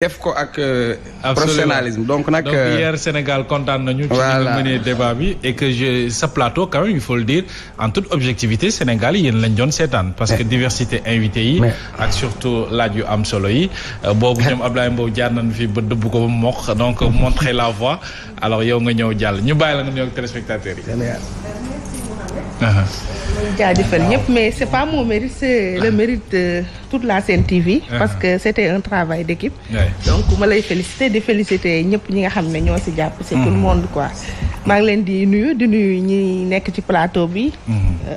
def ko ak. Euh, professionnalisme donc nag. donc euh, hier Sénégal kontaan nañu. voilà ci débat bi et que je sa plateau quand il faut le dire en toute objectivité Sénégal yéen lañ doon seetaan. parce que diversité invité yi. ak surtout laaj yu am solo yi. Euh, boobu ñoom Ablaye Mbow jaar nañ fi ba dëbb ko ba mokk donc montrer la voie alors yow nga ñëw jàll ñu bàyyi la nga nuyoog téléspectateurs yi. Uh-huh. jaajëfal ñëpp mais c'est pas mon mérite c'est uh-huh. le mérite de la Sen TV uh-huh. parce que c'était un travail d'équipe donc ma lay féliciter di féliciter ñëpp ñi nga xam ne ñoo ci jàpp c'est tout le monde quoi maa ngi leen di nuyu di nuyu ñi nekk ci plateau bi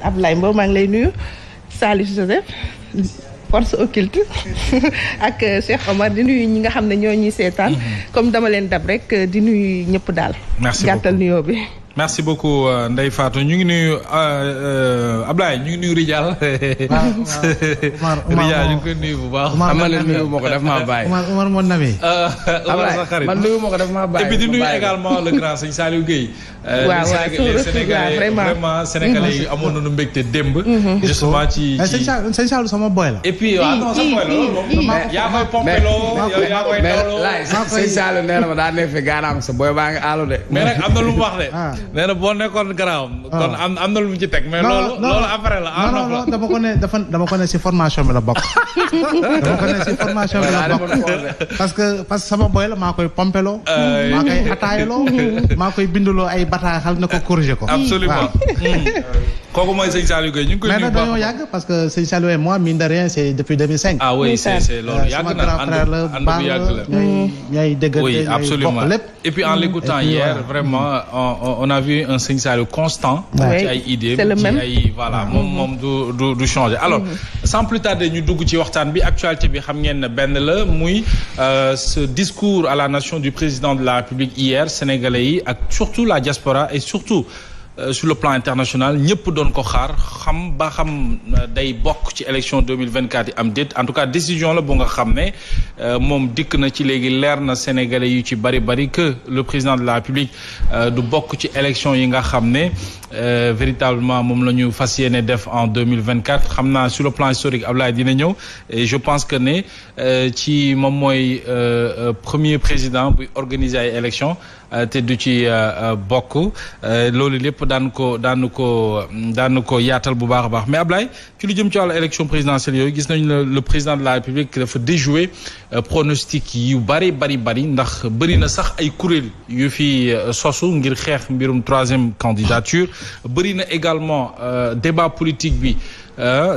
Abdoulaye Mbow maa ngi lay nuyu Salif Joseph force occulte ak euh, Cheikh Omar di nuyu ñi nga xam ne ñoo ñuy seetaan comme dama leen dab rek di nuyu ñëpp daal. merci gàttal nuyoo bi. merci beaucoup euh, Ndeye Fatou ñu ngi nuyu euh, euh, Ablaye ñu ngi nuyu Rijal. ngi koy bu baax. Umar man nuyu ma ko daf maa bàyyi. Umar Umar moo namee. Ablaye ma ko daf maa bàyyi. et puis di nuyu également le grand sëñ Saliou Guèye. waaw waaw Sénégalais vraiment Sénégalais yi amoon nañu mbégte démb. Mm-hmm. justement ci sama boy la. yaa koy pompeloo yow yaa koy dawloo. nee na ma daa gaanaam sa boy baa ngi àllu de. mais nag am na lu mu wax nee na boo nekkoon garaaw. Ah. kon am na lu mu teg mais. loolu après la non non dama ko dama ko ne si formation bi la bokk. dama que parce que sama boy la maa koy pompeloo. maa koy ataayaloo. maa koy bindaloo ay bataaxal na ko corriger ko. absolument kooku mooy sëñ Saliou Gueye ñu ngi koy nuyu mais dañoo yàgg parce que sëñ Saliou et moi mine de rien c' est depuis ah oui c' est c' est na ànd ànd bu yàgg la ñooy ñooy dëggante oui absolument lépp et puis en l' écoutant hier euh, vraiment on a vu un sëñ Saliou constant. ci ay idées ci ay voilà moom moom du du du changer. alors mm-hmm. sans plus tarder ñu dugg ci waxtaan bi actualité bi xam ngeen ne benn la muy euh, ce discours à la nation du président de la République hier sénégalais yi ak surtout la diaspora et surtout. Euh, sur le plan international ñëpp doon ko xaar xam ba xam euh, day bokk ci élection 2024 yi am déet en tout cas décision la bu nga xam ne euh, moom dikk na ci léegi leer na sénégalais yu ci bari bari que le président de la république du bokk ci élection yi nga xam ne véritablement moom la ñu fas yéene def en 2024 xam na sur le plan historique Ablaye dina ñëw je pense que ne ci moom mooy premier président buy organiser ay élection Euh, te du ci euh, euh, bokk loolu lépp daan ko daan ko daan ko yaatal bu baax a baax mais Ablaye ci lu jëm ci wàllu élection présidentielle yooyu gis nañu ne le président de la République dafa déjouer pronostic yu bari bari bari ndax bëri na sax ay kuréel yu fi sosu ngir xeex mbirum troisième candidature bëri na également débat politique bi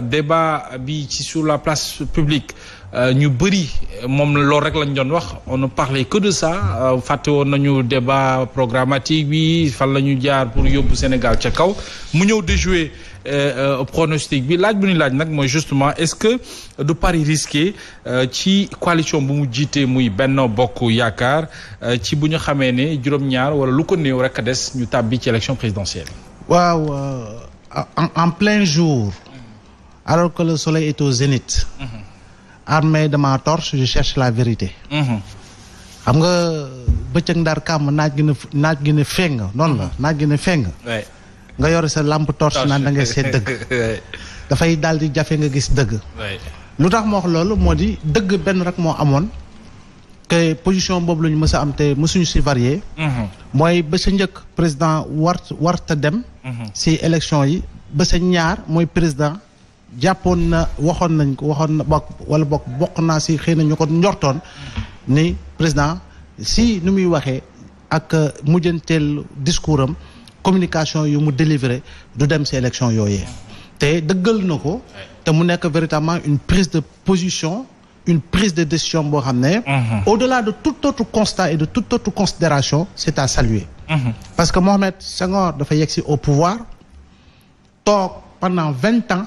débat bi ci sur la place publique Euh, ñu bëri moom loolu rek lañ doon wax on ne parlait que de ça euh, fàtte woon nañu débat programmatique bi fan la ñu jaar pour yóbbu Sénégal ca kaw mu ñëw déjouer euh, pronostic bi laaj bu ñu laaj nag mooy justement est-ce que du pari risqué ci coalition bu mu jiitee muy benn Bokk Yaakaar ci bu ñu xamee ne juróom-ñaar wala lu ko néew rek a des ñu tàbbi ci élection présidentielle. waaw en en plein jour. alors que le soleil est au zénith. Mm-hmm. armé de ma torse je cherche la vérité. Mhm. xam nga bëccëg ndar kàmm naaj gi ne naaj gi ne feng noonu la mhm. naaj gi ne feng. nga yore sa lampe torche naan da seet dëgg. dafay daal di jafe nga gis dëgg. lu tax ma wax loolu moo di dëgg benn rek moo amoon. que position boobu la ñu mës a am te mësuñu si varié. Mhm. mooy ba sa njëkk président warta dem. si élection yi ba sa ñaar mooy président. jàppoon na waxoon nañ ko waxoon na bokk wala bokk bokk naa si xëy na ko njortoon ni président si nu muy waxee ak euh, mujjanteel discours am communication yu mu délivré du dem si élection yooyee te dëggal na ko te mu nekk véritablement une prise de position une prise de décision boo xam ne mhm. au-delà de tout autre constat et de toute autre considération c'est à saluer mhm. parce que Mohamed Senghor dafa yegsi au pouvoir toog pendant vingt ans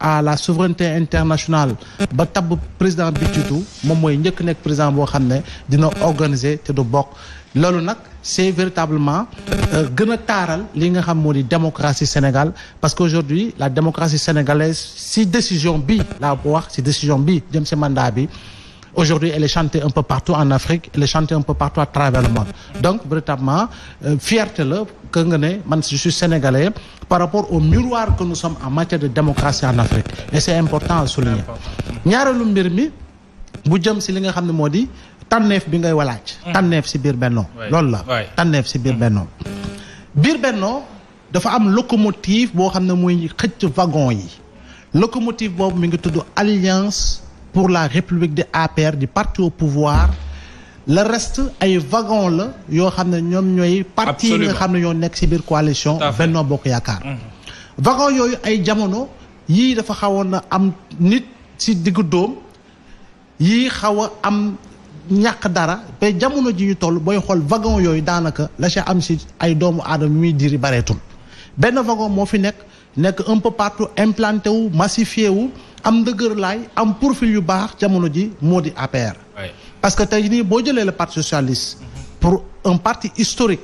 à la souveraineté internationale ba tabb président bi jiitu moom mooy njëkk nekk président boo xam ne dina organiser te du bokk loolu nag c'est véritablement euh, gën a taaral li nga xam moo di démocratie Sénégal parce que qu'aujourd'hui la démocratie sénégalaise si décision bi laa wax si décision bi jëm si mandat bi Aujourd'hui, elle est chantée un peu partout en Afrique, elle est chantée peu partout à Donc, véritablement, euh, la que nga ne man je suis par rapport au miroir que nous sommes en matière de démocratie en Afrique. Et c'est important à souligner. ñaareelu mbir mi bu jëm si li nga xam ne moo di tànneef bi ngay walaaj. Mm. tànneef si biir Benno. loolu la tànneef si biir mm. Benno. biir Benno dafa am locomotive boo xam ne mooy xëcc wagon yi locomotive boobu mi pour la république di APR di parti au pouvoir la rest ay wagon la yoo xam ne ñoom ñooy parti yi nga xam ne ñoo nekk ci biir coalition Benno Bokk Yaakaar mhm. wagon yooyu ay jamono yii dafa xawoon na am nit ci diggu dóom yii xaw a am ñàkk dara te jamono ji toll booy xool wagon yooyu daanaka la ci am ci ay doomu aadama muy diri bareetul benn wagon moo fi nekk nekk un peu partout implanté wu massifié wu am ndëgër laay am profil yu baax jamono ji moo di APR. parce que tey nii boo jëlee le parti socialiste. pour un parti historique.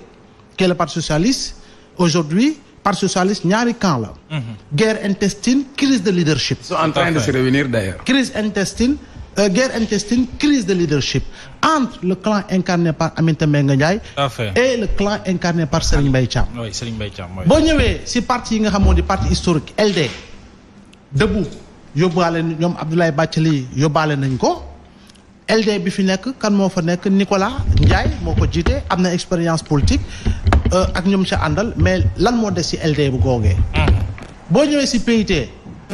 qui est le parti socialiste aujourd'hui parti socialiste ñaari camp la. Mhm. guerre intestine crise de leadership. sont en train de se réunir d'ailleurs. crise intestine euh, guerre intestine crise de leadership entre le clan incarné par Aminata Mbengue Ndiaye. et le clan incarné par Serigne Mbaye Thiam. oui Serigne Mbaye boo ñëwee si partie yi nga xam moo di parti historique LD. Debout. yóbbaale ñoom Abdoulaye Bathily yóbbaale nañ ko LD bi fi nekk kan moo fa nekk Nicolas Ndiaye moo ko jiite am na expérience politique euh, ak ñoom sa àndal mais lan moo des ci LD bu googee mm-hmm. boo ñëwee ci PIT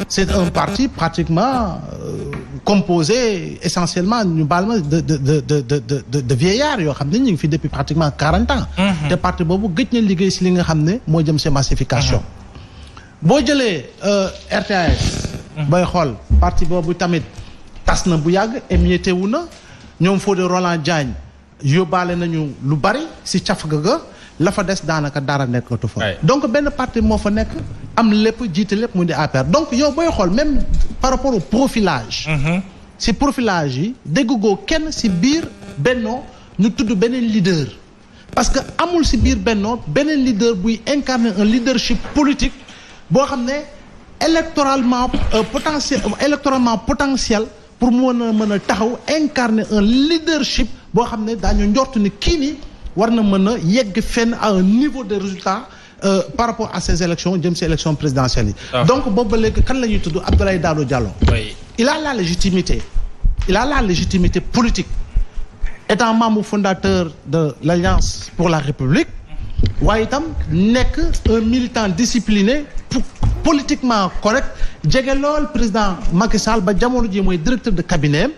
c'est un parti pratiquement euh, composé essentiellement ñu baal ma de de de de de de vieillards yoo xam ne ñu ngi fi depuis pratiquement quarante ans. Mm-hmm. te parti boobu gëj na liggéey ci li nga xam ne moo jëm ci massification. Mm-hmm. boo jëlee euh, RTS. booy xool partie boobu tamit tas na bu yàgg émietté wu na ñoom foo de Roland Diagne yóbbaale nañu lu bari si caf ga la fa des daanaka dara nekkatu fa. donc benn parti moo fa nekk am lépp jiite lépp mu di APR donc yow booy xool même par rapport au profilage. Mm-hmm. si profilage yi déggugoo kenn si biir bennoo ñu tudd beneen leader. parce que amul si biir bennoo beneen leader buy incarner un leadership politique boo xam ne. électoralement euh, potentiel euh, électoralement potentiel pour mën a mën a taxaw incarner un leadership boo xam ne daañu njort ni kii nii war na mën a yegg fenn a un niveau de résultat euh, par rapport à ces élections jëm si élection présidentielle yi. Ah. donc boobu ba léegi kan la ñuy tudd Abdoulaye Daouda Diallo. Oui. il a la légitimité il a la légitimité politique étant membre fondateur de l'Alliance pour la République waaye itam nekk un militant discipliné politiquement correct jege lool président Macky Sall ba jamono ji mooy directeur de cabinet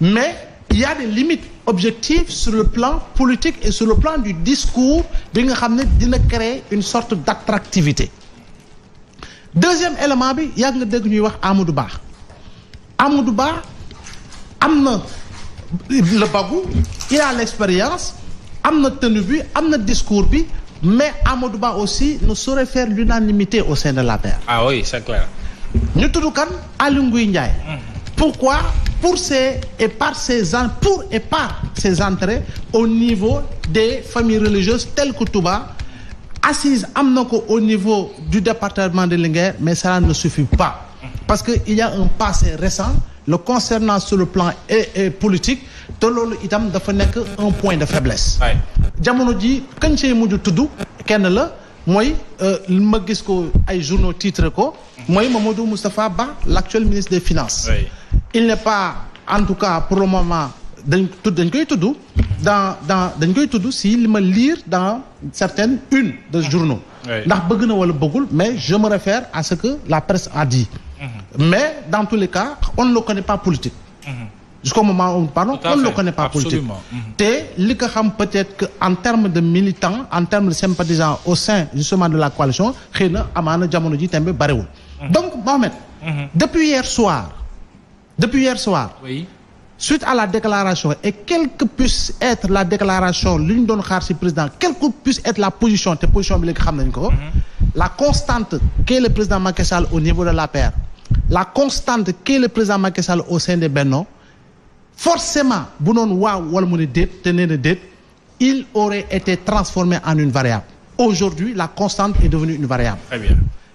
mais il y a des limites objectives sur le plan politique et sur le plan du discours bi nga xam ne dina créer une sorte d'attractivité deuxième élément bi yàgg nga dégg ñuy wax du baax Ba du Ba am na le bagou il a l'expérience am na tenue bi am na discours bi mais Amadou Ba aussi ne saurait faire l'unanimité au sein de l'APR. ah oui c'est clair. ñu tudd kan Aly Ngouille Ndiaye. Mhm. pourquoi pour ses et par ses en pour et par ses entrées au niveau des familles religieuses telles que Touba assise am na ko au niveau du département de Linguère mais cela ne suffit pas parce que il y a un passé récent le concernant sur le plan politique te loolu itam dafa nekk un point de faiblesse. Oui. jamono ji kañ see mujj tudd kenn la mooy euh, ma gis ko ay journaux titre ko mooy Mamadou Moustapha Ba l'actuel ministre des finances il n'est pas en tout cas pour le moment dañ tudd dañ koy tudd dans dans dañ koy tudd si li ma liir dans certaines unes de journaux ndax bëgg na wala bëggul mais je me réfère à ce que la presse a dit mm-hmm. mais dans tous les cas on ne le connaît pas politique mm-hmm. jusqu'au moment où on ne le mm-hmm. te li ko xam peut-être que en termes de militants en termes de sympathisants au sein justement de la coalition xëy na amaana jamono ji tembe bariwul mm-hmm. donc Mohamed mm-hmm. depuis hier soir depuis hier soir oui. suite à la déclaration et quelle que puisse être la déclaration li ñu doon xaar ci président quelle que puisse être la position te position bi léegi xam nañ ko la constante qu'est le président Macky Sall au niveau de l'APR la constante qu'est le président Macky Sall au de Benno forcément bu noonu waaw wala mu ne déet te nee na déet il aurait été transformé en une variable aujourd'hui la constante est devenue une variable très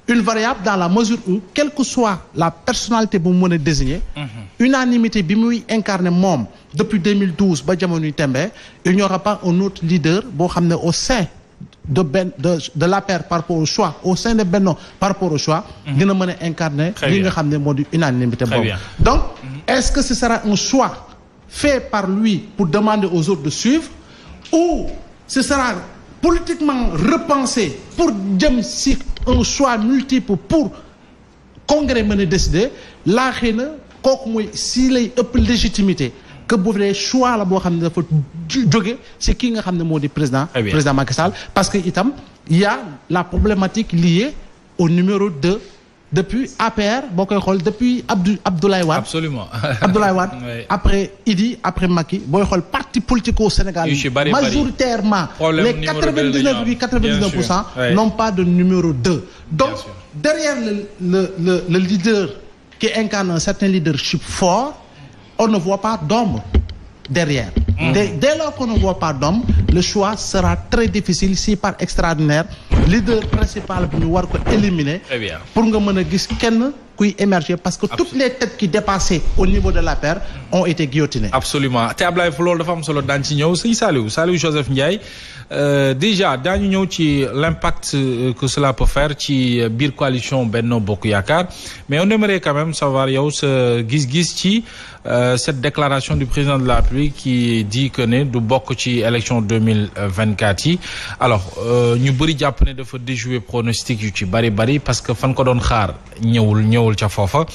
une variable dans la mesure où quelle que soit la personnalité bu mu mën a désigner mhm. unanimité bi muy incarné moom depuis 2012 ba jamonoy tembe il n'y aura pas un autre leader boo xam ne au sein de benn de de l'APR par rapport au au sein de Benno par rapport au choix mhm. dina mën a incarné li nga xam ne moo di unanimité boobu est-ce que ce sera un choix fait par lui pour demander aux autres de suivre ou ce sera politiquement repensé pour jëm si un choix multiple pour congrès mën a décider laa xëy na kooku mooy si lay ëpp légitimité que bu dee choix la boo xam ne dafa jóge si kii nga xam ne moo di président eh président parce que itam il y a la problématique liée au numéro depuis APR boo koy xool depuis Abdou Abdoulaye Wade. absolument Abdoulaye Wade. oui. après Idi après Macky booy xool parti politique au Sénégal. yu majoritairement. les quatre vingt dix neuf bi quatre vingt dix neuf pour cent. numéro deux. donc derrière le le le le leader qui incarne un certain leadership fort on ne voit pas d'ombre Dès, mm-hmm. dès lors qu'on ne voit pas d'homme, le choix sera très difficile si par extraordinaire leader principal bi ñu war ko éliminer pour nga mën a gis kenn kuy émerger parce que toutes les têtes qui dépassaient au niveau de la paire ont été guillotinées. absolument te Ablaye fu loolu dafa am solo daan ci ñëw sëñ Saliou Saliou Joseph Ndiaye euh, déjà daañu ñëw ci l'impact euh, que cela peut faire ci euh, biir coalition Benno Bokk Yaakaar mais on aimerait quand même savoir yow sa gis-gis ci Euh, cette déclaration du président de la République qui dit que ne du bokk ci élection deux mille vingt quatre yi alors euh, ñu bëri jàpp ne dafa déjouer pronostic yu ci bari bari parce que fan ko doon xaar ñëwul ñëwul ca foofa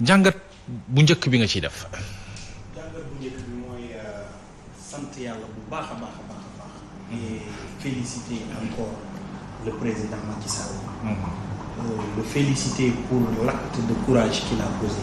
jàngat bu njëkk bi nga ciy def. mooy euh, sant yàlla bu baax a baax a baax a mm-hmm. féliciter pour l'acte de courage qu'il a posé.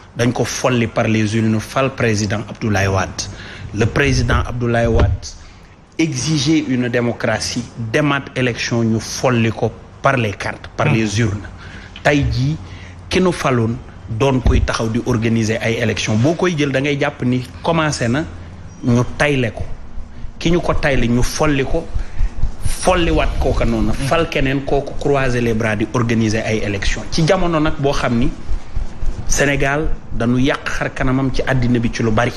dañ ko folli par les urnes fal président Abdoulaye Wade le président Abdoulaye Wade exiger une démocratie demaat élection ñu folli ko par les cartes par mm. les urnes tey jii ki nu faloon doon koy taxaw di organiser ay élection boo koy jël da ngay jàpp ni commencé na ñu tayle ko ki ñu ko tayle ñu folli ko folliwaat kooka noonu hmm. fal keneen kooku croiser les bras di organiser ay élection ci jamono nag boo xam ni Sénégal dañu yàq xar kanamam ci àddina bi ci lu bari.